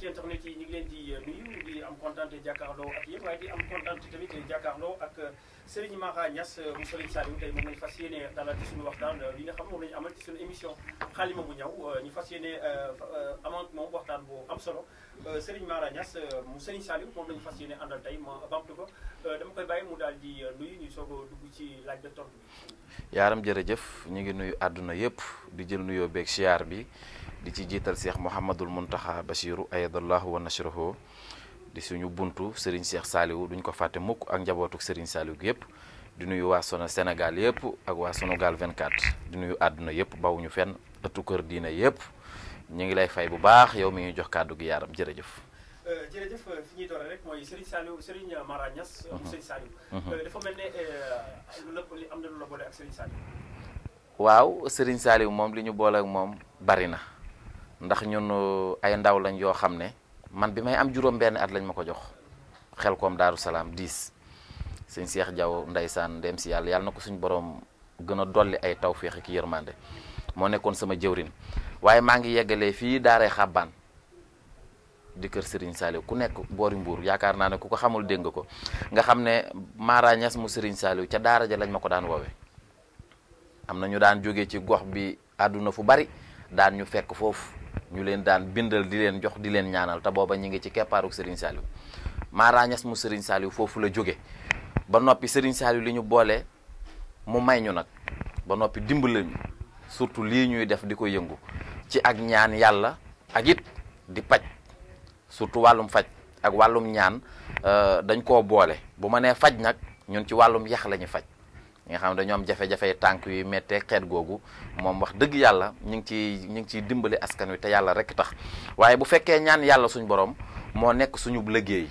mbokk internet yi ñu ngi leen di euh, nuyu di am kontaan te jàkkaarloo ak yéen waaye di am kontaan tamit jàkkaarloo ak euh, Serigne Mara ñas euh, mu Serigne Saliou tey moom lañ fas yéene dalal suñu waxtaan nga xam moom lañu amal ci suñu émission xaalima bu ñaw ñu fas yéene amal moom waxtaan bu am solo Serigne Mara Niass mu Serigne Saliou moom lañu fas yéene àndal tey ma bamtu ko dama koy bàyyi mu daal di nuyu ñu soo a dugg ci laaj ba tontu bi. yaaram jërëjëf ñu ngi nuyu àdduna yëpp di jël nuyoo beeg siyaar bi. di ci jiital seex Mouhamadul Muntaxa Bachiru ayadallahu wa nashrahu di suñu buntu Serigne Cheikh Saliou duñ ko fàtte mukk ak njabootuk sëriñ Saliou gi yëpp di nuyu waa Sono Sénégal yëpp ak waa Sonogal 24 di nuyu àdduna yëpp bawuñu fenn ëttu kër diine yëpp ñu ngi lay fay bu baax yow mi ñu jox kàddu gi yaaram jërëjëf. Euh, jërëjëf euh, fi ñuy doore rek mooy euh, Serigne Saliou moom li ñu boole moom bari na. ndax ñun uh, ay ndaw lañ yoo xam ne man bi may am juróom benn at lañ ma ko jox xel koom daaru salaam diis sëñ Cheikh Diaw ndeysaan ndem si yàlla yàlla na ko suñu boroom gën a dolli ay tawféex ak yërmande moo nekkoon sama jëwrin waaye maa ngi yeggalee fii daaray xàbbaan di kër sëriñ Saliou ku nekk boori mbuur yaakaar naa ne ku ko xamul dégg ko nga xam ne Mara Niass mu Serigne Saliou ca daara ja lañ ma ko daan woowe am na ñu daan jóge ci gox bi àdduna fu bari daan ñu fekk foofu ñu leen daan bindal di leen jox di leen ñaanal te booba ñu ngi ci keppaaruk Serigne Saliou Mara mu Serigne Saliou foofu la jóge ba noppi Serigne Saliou li ñu boole mu may ñu nag ba noppi dimbali ñu surtout lii ñuy def di ko yëngu ci ak ñaan yàlla ak it di paj surtout wàllum faj ak wàllum ñaan euh, dañ koo boole bu ma nee faj nag ñun ci wàllum yax la faj nga xam ne dañoo jafe-jafe tànk yu méttee xeet googu moom wax dëgg yàlla ñu ngi ciy ñu ngi ciy dimbali askan wi te yàlla rek tax waaye bu fekkee ñaan yàlla suñu borom moo nekk suñu liggéey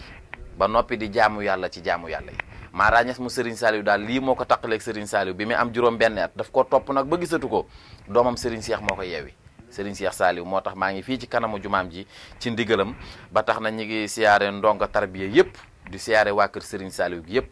ba noppi di jaamu yàlla ci jaamu yàlla yi Mara Niass mu Serigne Saliou daal lii moo ko taqaleeg Serigne Saliou bi mu am juróom benn at daf ko topp nag ba gisatu ko doomam Serigne Cheikh moo ko yeewi Serigne Cheikh saaliw moo tax maa ngi fii ci kanamu jumaam ji ci ndigalam ba tax na ñu ngi siyaare ndongo tarbiya yëpp di siyaare waa kër Serigne Saliou yëpp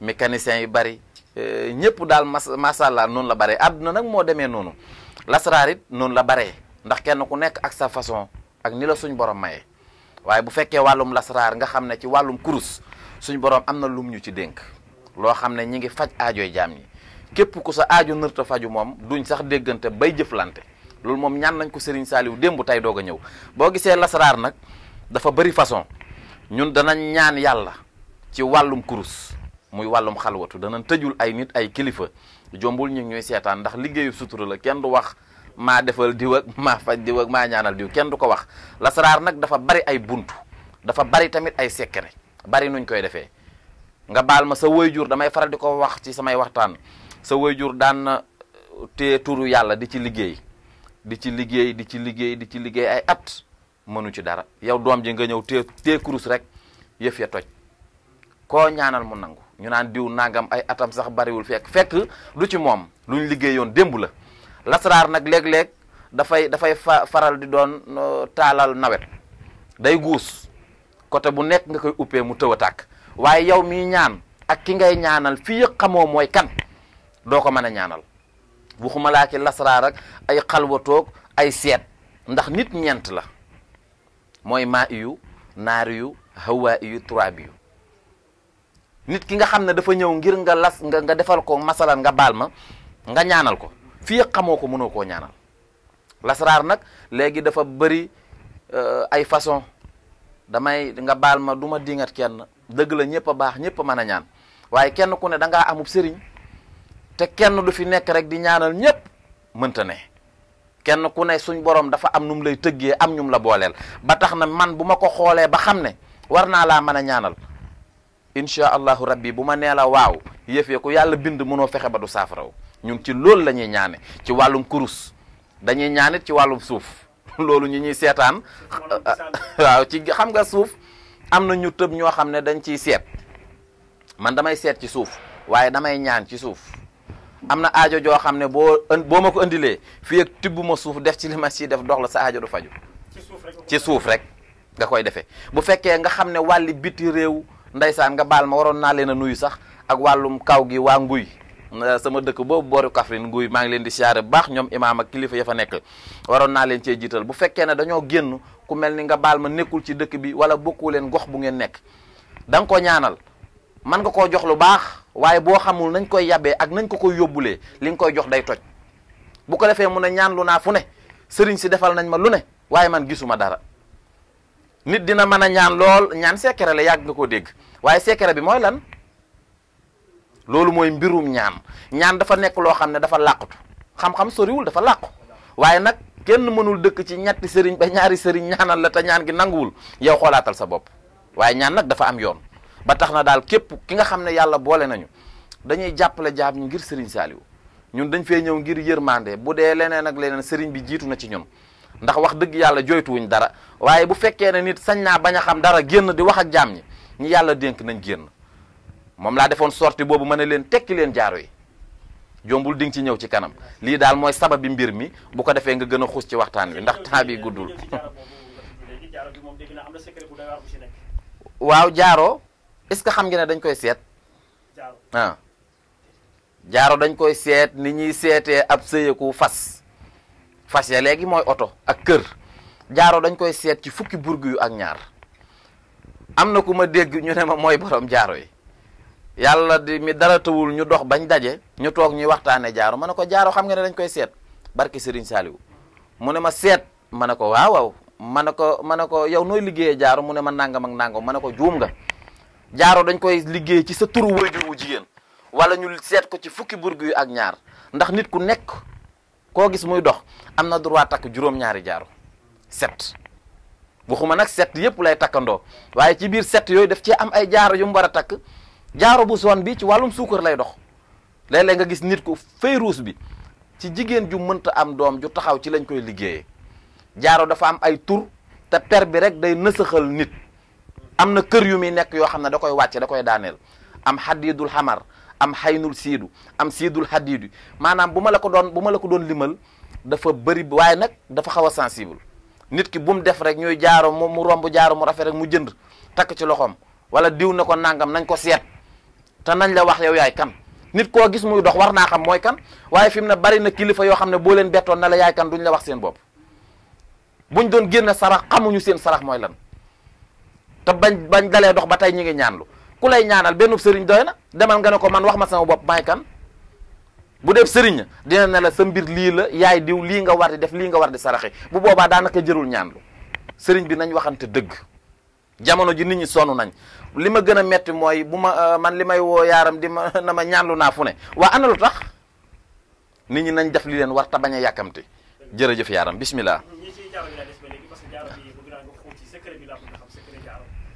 mécaniciens yu bari euh, ñëpp daal mas masàllaa noonu la bare àdduna nag moo demee noonu lasraar it noonu la bare ndax kenn ku nekk ak sa façon ak ni la suñ borom maye waaye bu fekkee wàllum lasraar nga xam ne ci wàllum kurus suñ borom am na lum ñu ci dénk loo xam ne ñi ngi faj aajoy jaam ñi képp ku sa aajo nërta faju moom duñ sax déggante bay jëflante loolu moom ñaan nañ ko Serigne Saliou démb tey doog a ñëw boo gisee lasraar nag dafa bëri façon ñun dana ñaan yàlla ci wàllum kurus muy wàllum xalwatu dana tëjul ay nit ay kilifa jombul ñu ñuy seetaan ndax liggéeyu sutura la kenn du wax maa defal diw ak maa faj diw ak maa ñaanal diw kenn du ko wax lasaraar nag dafa bari ay buntu dafa bari tamit ay secret bari nuñ koy defee nga baal ma sa jur damay faral di ko wax ci samay waxtaan sa waajur daan na uh, te turu yàlla di ci liggéey di ci liggéey di ci liggéey di ci liggéey ay at mënu ci dara yow doom ji nga ñëw te te kurus rek yëf ya toj koo ñaanal mu nangu ñu naan diw nangam ay atam sax bariwul fekk fekk lu ci moom lu ñu liggéeyoon démb la lasraar nag léeg-léeg dafay dafay fa faral di doon taalal nawet day guus côté bu nekk nga koy uppee mu tëw a tàkk waaye yow mi ñaan ak ki ngay ñaanal fii xamoo mooy kan doo ko mën a ñaanal waxuma laa ci lasraar ak ay xalwatoog ay seet ndax nit ñeent la mooy maa iyu naari yu hawaa iyu turaabi yu nit ki nga xam ne dafa ñëw ngir nga las nga nga defal ko masalan nga baal ma nga ñaanal ko fii xamoo ko mënoo koo ñaanal lasaraar nag léegi dafa bëri euh, ay façon damay nga baal ma duma dingat kenn dëgg la ñëpp a baax ñëpp a mën a ñaan waaye kenn ku ne da ngaa amub sëriñ te kenn du fi nekk rek di ñaanal ñëpp mënta ne kenn ku ne suñ borom dafa am num lay tëggee am ñum la booleel ba tax na man bu ma ko xoolee ba xam ne war naa laa mën a ñaanal incha allahu rabbi bu ma nee la waaw yëfee ku yàlla bind mënoo fexe ba du saafaraw ñu ngi ci loolu la ñuy ñaane ci wàllum kurus dañuy ñaanit ci wàllum suuf loolu ñu ñuy seetaan waaw ci xam nga suuf am na ñu tëb ñoo xam ne dañ ciy seet man damay seet ci suuf waaye damay ñaan ci suuf am na aajo joo xam ne boo boo ma ko indilee fii ak tibb ma suuf def ci li ma ciy def dox la sa aajo du faju ci suuf rek nga koy defee bu fekkee nga xam ne wàlli biti réew ndaysaan nga baal ma waroon naa leen a nuyu sax ak wàllum kaw gi waa nguy eh, sama dëkk boobu booru Kaffrine nguy maa ngi leen di siyaare bu baax ñoom imaam kilifa ya fa nekk waroon naa leen cee jiital bu fekkee ne dañoo génn ku mel ni nga baal ma nekkul ci dëkk bi wala bokku leen gox bu ngeen nekk da nga ko ñaanal man nga koo jox lu baax waaye boo xamul nañ koy yabee ak nañ ko koy yóbbulee li nga koy jox day toj bu ko defee mun a ñaan lu naa fu ne sëriñ si defal nañ ma lu ne waaye man gisuma dara nit dina mën a ñaan lool ñaan secret la yàgg nga koo dégg waaye secret bi mooy lan loolu mooy mbirum ñaan ñaan dafa nekk loo xam ne dafa làqatu xam-xam soriwul dafa làqu waaye nag kenn mënul dëkk ci ñetti sëriñ ba ñaari sëriñ ñaanal la te ñaan gi nanguwul yow xoolaatal sa bopp waaye ñaan nag dafa am yoon ba tax na daal képp ki nga xam ne yàlla boole nañu dañuy jàppale jaam ñi ngir sëriñ Saliou ñun dañ fee ñëw ngir yërmande bu dee leneen ak leneen sëriñ bi jiitu na ci ñun ndax wax dëgg yàlla jooytuwuñ dara waaye bu fekkee ne nit sañ naa bañ a xam dara génn di wax ak jaam ñi ñi yàlla dénk nañ génn moom laa defoon sorti boobu ma ne leen tekki leen jaaro yi jombul di nga ci ñëw ci kanam lii daal mooy sabab bi mbir mi bu ko defee nga gën a xuus ci waxtaan wi ndax temps bi guddul waaw jaaro est-ce que xam nga ne dañ koy seet jaaro ah. dañ koy seet ni ñuy seetee ab sëyeku fas fas ya léegi mooy oto ak kër jaaro dañ koy seet ci fukki burgu yu ak ñaar am na ku ma dégg ñu ne ma mooy borom jaaro yi yàlla di mi dara tawul ñu dox bañ daje ñu toog ñuy waxtaane jaaro ma ne ko jaaro xam ne dañ koy seet barki Serigne Saliou mu ne ma seet ma ne ko waaw waaw ma ne ko ma ko yow nooy liggéeyee jaaro mu ne ma nangam ak nangam ma ne ko juum nga jaaro dañ koy liggéey ci sa turu waajur wu jigéen wala ñu seet ko ci fukki burgu yu ak ñaar ndax nit ku nekk koo gis muy dox am na droit takk juróom-ñaari jaaro set waxuma nag set yëpp lay takkandoo waaye ci biir set yooyu daf ci am ay jaaro yu mu a takk jaaro bu sone bi ci wàllum suukar lay dox léeg-léeg nga gis nit ku fayruus bi ci jigéen ju mënta am doom ju taxaw ci lañ koy liggéeyee jaaro dafa am ay tur te per bi rek day nësaxal nit am na kër yu muy nekk yoo xam ne da koy wàcce da koy daaneel am xadidul xamar am xaynul siidu am siidul xadiidu maanaam bu ma la ko doon bu ma la ko doon limal dafa bëri waaye nag dafa xaw a sensible nit ki bu mu def rek ñuy jaaro mu mu romb jaaro mu rafet rek mu jënd takk ci loxoom wala diw na ko nangam nañ ko seet te nañ la wax yow yaay kan nit koo gis muy dox war naa xam mooy kan waaye fi mu ne bari na kilifa yoo xam ne boo leen bettoon na la yaay kan duñ la wax seen bopp buñ doon génn sarax xamuñu seen sarax mooy lan te bañ bañ dalee dox ba tey ñi ngi ñaanlu ku lay ñaanal benn sëriñ doy na demal nga ne ko man wax ma sama bopp may kan bu dee sëriñ dina ne la sa mbir lii la yaay diw lii nga war di def lii nga war di saraxe bu boobaa daanaka jërul ñaanlu sëriñ bi nañ waxante dëgg jamono ji nit ñi sonn nañ li ma gën a metti mooy bu ma euh, man li may woo yaaram di ma na ma ñaanlu naa fu ne waa ana lu tax nit ñi nañ def li leen war ta bañ a yàkkamte jërëjëf yaaram bismillah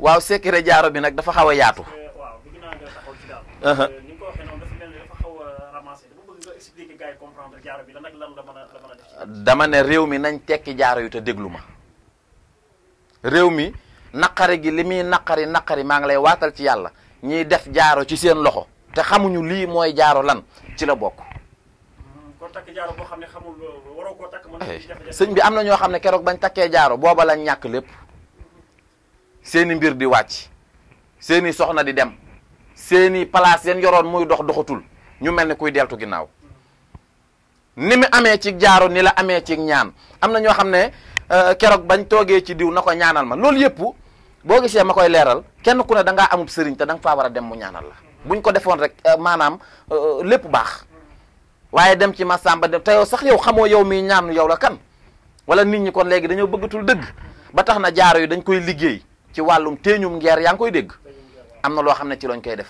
waaw secret jaaro bi nag dafa xaw a yaatu. dama ne réew mi nañ tekki jaaro yu te déglu ma réew mi naqari gi li muy naqari naqari maa ngi lay waatal ci yàlla ñiy def jaaro ci seen loxo te xamuñu lii mooy jaaro lan ci la bokk. Hmm, kon takk jaaro xam ne xamul sëñ bi am na ñoo xam ne keroog bañ takkee jaaro booba lañ ñàkk lépp. seeni mbir di wàcc seeni soxna di dem seeni place yeen yoroon muy dox doxatul ñu mel ni kuy deltu ginnaaw ni mu amee ci jaaro ni la amee ci ñaan am na ñoo xam ne euh, keroog bañ toogee ci diw na ko ñaanal ma loolu yëpp boo gisee ma koy leeral kenn ku ne da ngaa amub sëriñ te da nga faa war a dem mu ñaanal la buñ ko defoon rek euh, maanaam euh, lépp baax waaye dem ci Masamba dem te yow sax yow xamoo yow mii ñaanu yow la kan wala nit ñi kon léegi dañoo bëggatul dëgg ba tax na jaaro yi dañ koy liggéey ci wàllum téeñum ngeer yaa ngi koy dégg am na loo xam ne ci lañ koy def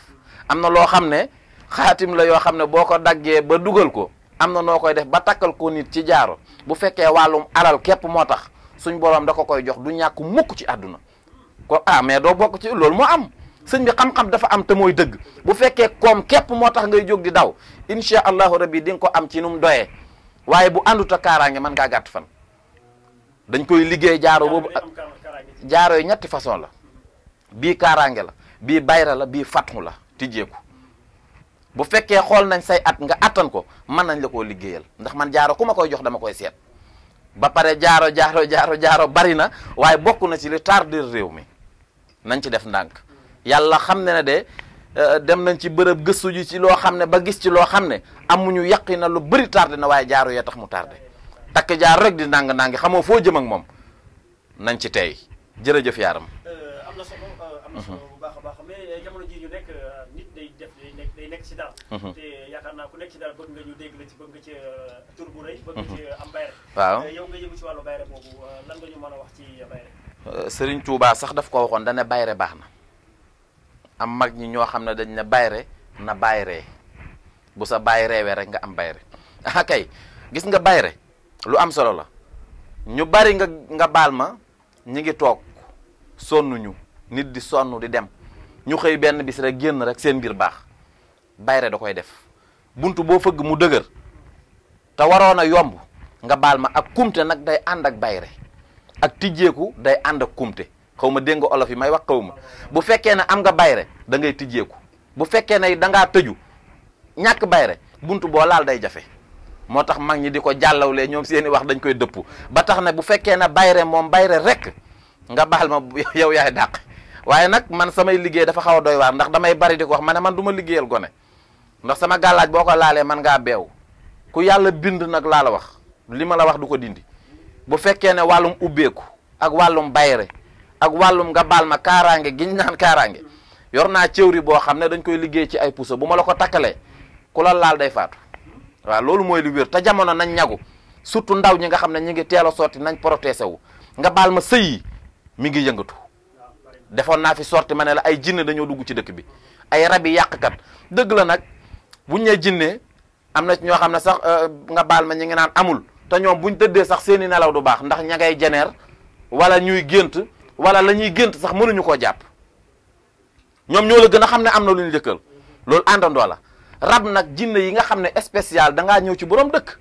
am na loo xam ne xaatim la yoo xam ne boo ko daggee ba dugal ko am na noo koy def ba takkal ko nit ci jaaro bu fekkee wàllum alal képp moo tax suñ boroom da ko koy jox du ñàkk mukk ci àdduna ko ah mais doo bokk ci loolu moo am sëñ bi xam-xam dafa am te mooy dëgg bu fekkee koom képp moo tax ngay jóg di daw incha allahu rabbi di nga ko am ci nu mu doyee waaye bu àndut a kaaraange mën ngaa gàtt fan dañ koy liggéey jaaro boobu jaaro yi ñetti façon la bii kaaraange la bii bayra la bii fatmu la tijjeeku bu fekkee xool nañ say at nga attan ko mën nañ la koo liggéeyal ndax man jaaro ku ma koy jox dama koy seet ba pare jaaro jaaro jaaro jaaro bari na waaye bokk na ci li tardir réew mi nañ ci def ndànk yàlla xam ne ne de euh, dem nañ ci bërëb gëstu ji loo xam ne ba gis ci loo xam ne amuñu yàqi na lu bëri tardé na waaye jaaro yee tax mu tardé takk jaaro rek di nàng-nàng xamoo foo jëm ak moom nañ ci tey jërëjëf yaaram. Euh, am na solo euh, mhm. bu baax a baax mais euh, jamono ji ñu nekk nit day def day nekk ci dara. Mhm. te yaakaar naa ku nekk ci dara bëgg nga ñu dégg la ci bëgg ci tur bëgg mhm. ci am bayre. waaw yow nga yëngu ci wàllu bayre boobu lan nga ñu mën a wax ci bayre. Serigne Touba sax daf ko waxoon da ne bayre baax na am mag ñi ñoo xam ne dañ ne bayre na bayree bu sa bayreewee rek nga am bayre ah, kay gis nga bayre lu am solo la ñu bari nga baal ma ñu ngi toog. sonnuñu nit di sonn di dem ñu xëy benn bis rek génn rek seen mbir baax bayre da koy def bunt boo fëgg mu dëgër te waroon a yomb nga baal ma ak kumte nag day ànd ak bayre ak tijjeeku day ànd ak kumte xaw ma dégg olof yi may wax xaw ma bu fekkee ne am nga bayre da ngay tijjeeku bu fekkee ne da ngaa tëju ñàkk bayre bunt boo laal day jafe moo tax mag ñi di ko jàllawlee ñoom seeni wax dañ koy dëppu ba tax na bu fekkee ne bayre moom bayre rekk nga baal ma yow yaay dàq waaye nag man samay liggéey dafa xaw a doy waar ndax damay bari di ko wax ma ne man du liggéeyal gone ndax sama gàllaaj boo ko laalee man ngaa beew ku yàlla bind nag laa la wax li ma la wax du ko dindi bu fekkee ne wàllum ubbeeku ak wàllum bayre ak wàllum nga baal ma kaaraange giñ naan kaaraange yor naa cëwri boo xam ne dañ koy liggéey ci ay puso bu ma la ko takkalee ku la laal day faatu waaw loolu mooy lu te jamono nañ ñagu surtout ndaw ñi nga xam ne ñu ngi teel a sotti nañ protesté wu nga baal ma sëy yi mi ngi yëngatu defoon naa fi sorti ma ne la ay jinne dañoo dugg ci dëkk bi ay rab rabi yàqkat dëgg la nag buñ ne jinne am na ñoo xam ne sax euh, nga baal ma ñu ngi naan amul te ñoom buñ tëddee sax seeni nelaw du baax ndax ña ngay jeneer wala ñuy gént wala la ñuy gént sax mënuñu koo jàpp ñoom ñoo la gën a xam ne am na lu ñu jëkkal loolu àndandoo la rab nag jinne yi nga xam ne spécial dangaa ñëw ci borom dëkk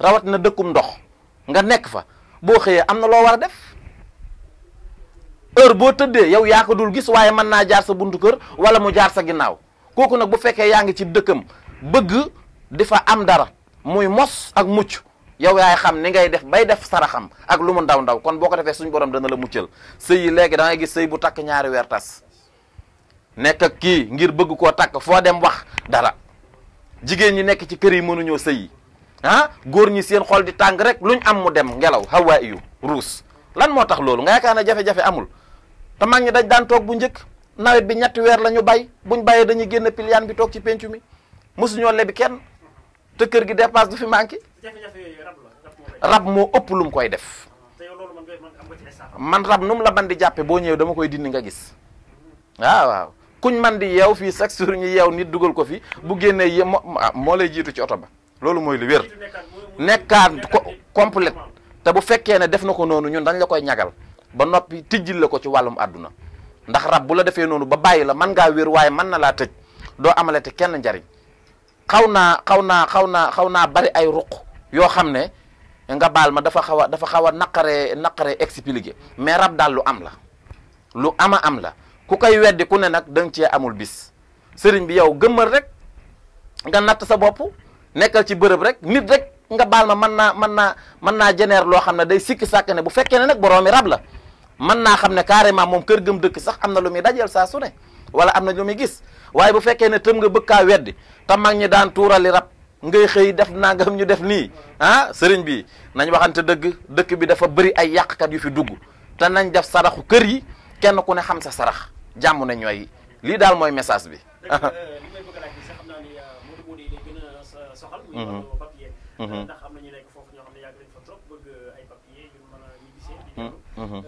rawat na dëkkum ndox nga nekk fa boo xëyee am na loo war a def eur boo tëddee yow yaa dul gis waaye mën naa jaar sa buntu kër wala mu jaar sa ginnaaw kooku nag bu fekkee yaa ngi ci dëkkam bëgg di fa am dara muy mos ak mucc yow yaay xam ni ngay def bay def saraxam ak lu mu ndaw ndaw kon boo ko defee suñu borom dana la muccal sëy yi léegi da gis sëy bu takk ñaari weer tas nekk ak kii ngir bëgg koo takk foo dem wax dara jigéen ñi nekk ci kër yi mënuñoo sëy yi ah góor ñi seen xol di tàng rek luñ am mu dem ngelaw hawa iyu lan moo tax loolu nga ne jafe amul te ñi dañ daan toog bu njëkk nawet bi ñetti weer la ñu bay buñ bayee dañuy génn piliyaan bi toog ci pencu mi mosuñoo lebi kenn te kër gi dépasse du fi manqué rab moo ëpp lu koy def ah, man rab nu la man di jàppe boo ñëwee dama koy dindi nga gis waaw waaw kuñ man di yeew fii chaque jour ñu yeew nit dugal ko fi bu génnee yé ah, moo lay jiitu ci oto ba loolu mooy lu wér nekkaat ko complète te bu fekkee ne def na ko noonu ñun dañ la koy ñagal ba noppi tijjil la ko ci wàllum àdduna ndax rab bu la defee noonu ba bàyyi la mën ngaa wér waaye mën na laa tëj doo amalete kenn njariñ xaw naa xaw naa xaw naa xaw naa bari ay ruq yoo xam ne nga baal ma dafa xaw a dafa xaw a naqaree naqaree expliqué mais rab daal lu am la lu ama am la ku koy weddi ku ne nag da cee amul bis sëriñ bi yow gëmmal rek nga natt sa bopp nekkal ci bërëb rek nit rek nga baal ma man naa mën naa mën naa jeneer loo xam ne day sikki sàkk ne bu fekkee ne nag boroomi rab la mën naa xam ne carrément moom kër gëm dëkk sax am na lu muy dajal saa su ne wala am na lu muy gis waaye bu fekkee ne tëm nga bëgg kaa weddi te mag ñi daan tuurali rab ngay xëy def naa nga xam ñu def nii ah sëriñ bi nañ waxante dëgg dëkk bi dafa bari ay yàqkat yu fi dugg te nañ def saraxu kër yi kenn ku ne xam sa sarax jàmm na ñooy lii daal mooy message bi ndax am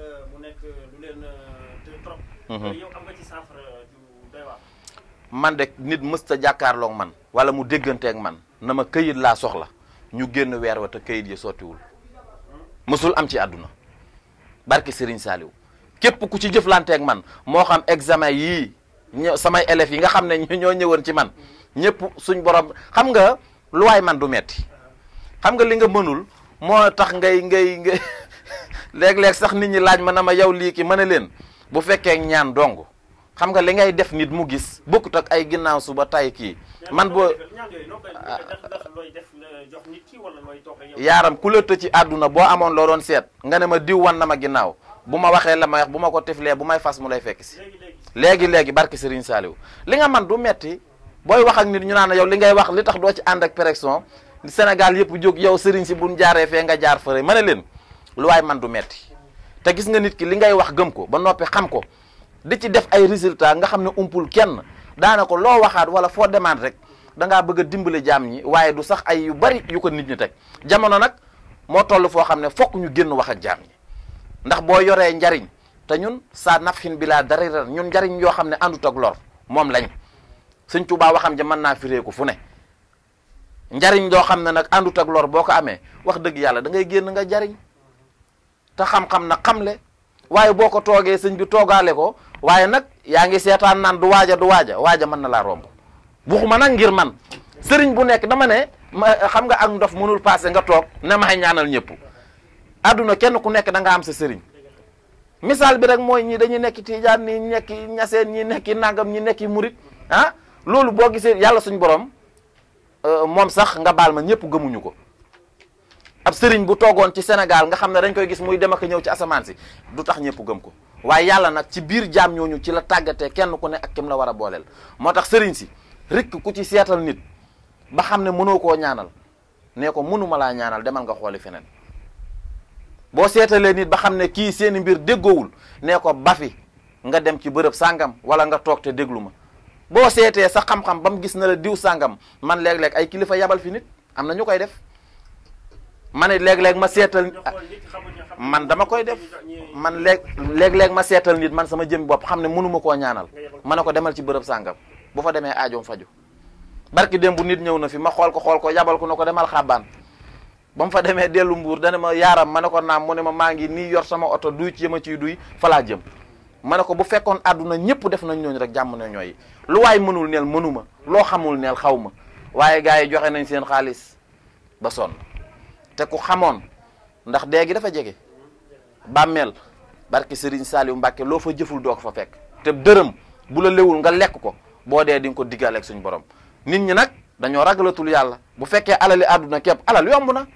Uh-huh. yow am nga man de nit mësta jàkkaarloog man wala mu dégganteeg man na ma kayit laa soxla ñu génn weer wa kayit këyit yi sottiwul hmm? mësul am ci àdduna barke Serigne Saliou képp ku ci jëflanteeg man moo xam examen yii ño samay élèves yi nga xam ne ñoo ñëwoon ci man ñëpp suñ borom xam nga lu waay man du metti xam nga li nga mënul moo tax ngay ngay nga léeg-léeg sax nit ñi laaj ma na ma yow lii ki mën leen bu fekkee ñaan dong xam nga li ngay def nit mu gis bokkut ak ay ginnaaw suba tay kii man boo yaaram ku la tëj ci àdduna boo amoon loo doon seet nga ne ma diw wan na ma ginnaaw bu ma waxee la ma wax bu ma ko tiflee bu may fas mu lay fekk si léegi-léegi barki Serigne saaliw li nga man du metti booy wax ak nit ñu naan yow li ngay wax li tax doo ci ànd ak pression Sénégal yëpp jóg yow Serigne si buñ jaaree fee nga jaar fëre ma ne leen lu waay man du metti te gis nga nit ki li ngay wax gëm ko ba noppi xam ko di ci def ay résultat nga xam ne umpul kenn daana ko loo waxaat wala foo demaat rek da ngaa bëgg a dimbale jaam ñi waaye du sax ay yu bari yu ko nit ñi teg jamono nag moo toll foo xam ne fokk ñu génn wax ak jaam ñi ndax boo yoree njariñ te ñun saa nafxin bi laa dara ren ñun njariñ yoo xam ne àndut ak lor moom lañ sëñ Tuubaa waxam ja mën naa firee ko fu ne njariñ yoo xam ne nag àndut ak lor boo ko amee wax dëgg yàlla da ngay génn nga jariñ te xam-xam na xamle waaye boo ko toogee sëñ bi toogaale ko waaye nag yaa ngi seetaan naan du waaja du waaja waaja mën na laa romb buxuma nag ngir man sëriñ bu nekk dama ne ma xam nga ak ndof mënul passé nga toog ne may ñaanal ñëpp adduna kenn ku nekk da nga am sa sëriñ misaal bi rek mooy ñi dañuy nekk tijaan ñi nekki ñaseen ñi nekki nangam ñi nekki murit ah loolu boo gisee yàlla suñ borom euh, moom sax nga baal ma ñëpp gëmuñu ko ab sëriñ bu toogoon ci Sénégal nga xam ne dañ koy gis muy dem ak ñëw ci asamaan si du tax ñëpp gëm ko waaye yàlla nag ci biir jaam ñooñu ci la tàggatee kenn ku ne ak kem la war a booleel moo tax sëriñ si rikk ku ci seetal nit ba xam ne mënoo koo ñaanal ne ko mënuma laa ñaanal demal nga xooli feneen boo seetalee nit ba xam ne kii seeni mbir déggowul nee ko bafi nga dem ci bërëb sàngam wala nga toog te déglu ma boo seetee sa xam-xam ba mu gis na la diw sàngam man léeg-léeg ay kilifa yabal fi nit am na ñu koy def ma ne léeg-léeg ma seetal man dama koy def man léeg léeg-léeg ma seetal nit man sama jëm bopp xam ne mënuma koo ñaanal ma ne ko demal ci bërëb sàngam bu fa demee aajoom faju barki démb bu nit ñëw na fi ma xool ko xool ko yabal ko ne ko demal xàbbaan ba mu fa demee dellu mbuur dana ma yaaram ma ne ko naa mu ne ma maa ngi nii yor sama oto duy ci ma ciy duy fa laa jëm ma ne ko bu fekkoon àdduna ñëpp def nañ ñooñu rek jàmm ne ñooy lu waaye mënul neel mënuma loo xamul neel xaw waaye gars yi joxe nañ seen xaalis ba sonn te ku xamoon ndax dee gi dafa jege bàmmeel barke Serigne Saliou Mbacke loo fa jëful doo ko fa fekk te dërëm bu la lewul nga lekk ko boo dee di ko diggaale ak suñu borom nit ñi nag dañoo ragalatul yàlla bu fekkee alali àdduna képp alal yomb na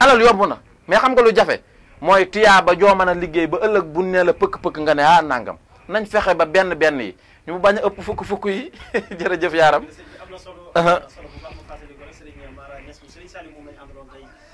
alal yomb na mais xam nga lu jafe mooy tuyaa ba joo mën a liggéey ba ëllëg bu nee la pëkk-pëkk nga ne ah nangam nañ fexe ba benn benn yi ñu bañ a ëpp fukk-fukk yi jërëjëf yaaram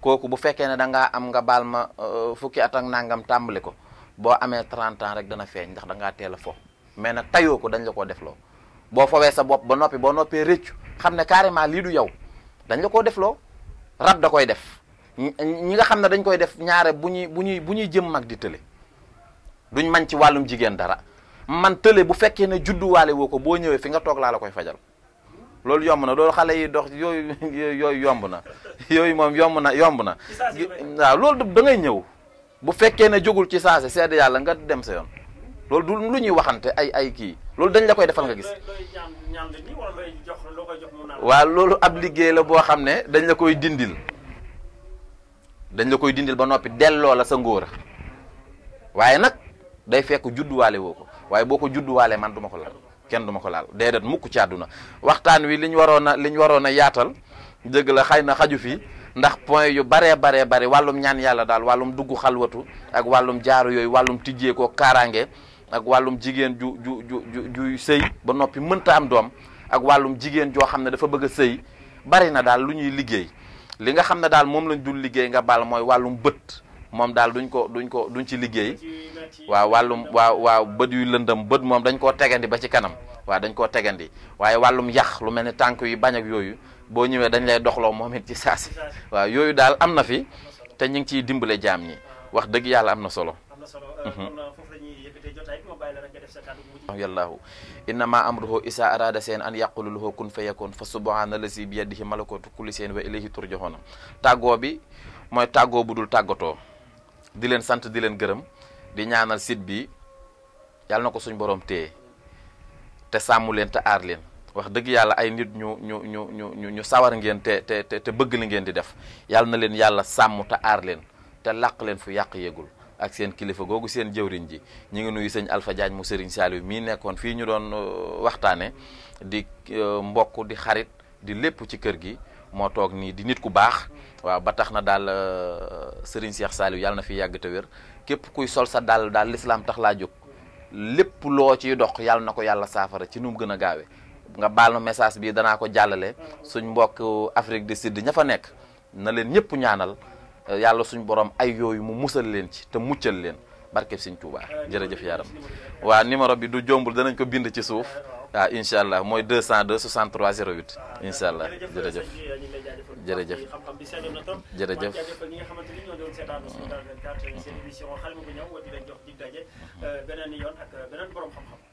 kooku bu fekkee ne da ngaa am nga baal ma euh, fukki at ak nangam tàmbali ko boo amee 30 ans rek dana feeñ ndax da ngaa teel a fo mais nag teyoo ko dañ la koo defloo boo fowee sa bopp ba noppi boo noppee rëccu xam ne carrément lii du yow dañ la koo defloo rab da koy def ñi nga xam ne dañ koy def ñaare bu ñuy bu ñuy bu ñuy jëm mag di tële duñ man ci wàllum jigéen dara man tële bu fekkee ne judduwaale woo ko boo ñëwee fi nga toog laa la koy fajal loolu yomb na loolu xale yi dox yooyu yooyu yomb na yooyu moom yomb na yomb na waaw loolu da ñëw bu fekkee ne jógul ci saase sedd yàlla nga dem sa yoon loolu du lu ñuy waxante ay ay kii loolu dañ la koy defal nga gis waaw loolu ab liggéey la boo xam ne dañ la koy dindil dañ la koy dindil ba noppi delloo la sa ngóora waaye nag day fekk judduwaale woo ko waaye boo ko judduwaale man duma ko la kenn duma ko laal déedéet mukk ci àdduna waxtaan wi li ñu waroon a li ñu waroon a yaatal dëgg la xëy na xaju fii ndax point yu baree baree bari wàllum ñaan yàlla daal wàllum dugg xalwatu ak wàllum jaaru yooyu wàllum tijjee ko kaaraange ak wàllum jigéen ju ju ju ju sëy ba noppi mënta am doom ak wàllum jigéen joo xam ne dafa bëgg a sëy bari na daal lu ñuy liggéey li nga xam ne daal moom lañ dul liggéey nga baal mooy wàllum bët moom daal duñ ko duñ ko duñ ci liggéey waaw wàllum waa waaw bët yu lëndam bët moom dañ koo tegandi ba ci kanam waaw dañ koo tegandi waaye wàllum yàq lu mel ni tànk yu bañ ak yooyu boo ñëwee dañ lay doxloo moom it ci si waa yooyu daal am na fi te ñu ngi ciy dimbale jaam ñi wax dëgg yàlla am na solo mhm. uh, yàllaahu am amruhu isa arada seen an yaqulu lahu kun fayakoon fa subhaana lasi bi yadihi malakotu kulli seen wa ilayhi turjaxoona tàggoo bi mooy tàggoo bu dul tàggatoo di leen sant di leen gërëm di ñaanal sit bi yàlla na ko suñ boroom tee te sàmm leen te aar leen wax dëgg yàlla ay nit ñu ñu ñu ñu ñu sawar ngeen te te te bëgg li ngeen di def yàlla na leen yàlla sàmm te aar leen te làq leen fu yàq yegul ak seen kilifa googu seen jëwriñ ji ñu ngi nuyu sëñ Alpha Diagne mu sëriñ Saliou mii nekkoon fii ñu doon euh, waxtaane di euh, mbokk di xarit di lépp ci kër gi moo toog nii di nit ku baax waaw ba tax na daal euh, Serigne Cheikh Saliou yàlla na fi yàgg te wér képp kuy sol sa dàll daal lislaam tax laa jóg lépp loo ciy dox yàlla na ko yàlla saafara ci nu gën a gaawee nga baal ma message bi danaa ko jàllale suñ mbokk Afrique du Sud ña fa nekk na leen ñëpp ñaanal euh, yàlla suñ borom ay yooyu mu musal leen ci te muccal leen barkeb Sëñ Tuubaa jërëjëf yaram waa numéro bi du jombul danañ ko bind ci suuf ah incha allah mooy 202 cent 08 incha allah jërëjëf jërëjëf jërëjëf mhm. euh, beneen yoon euh,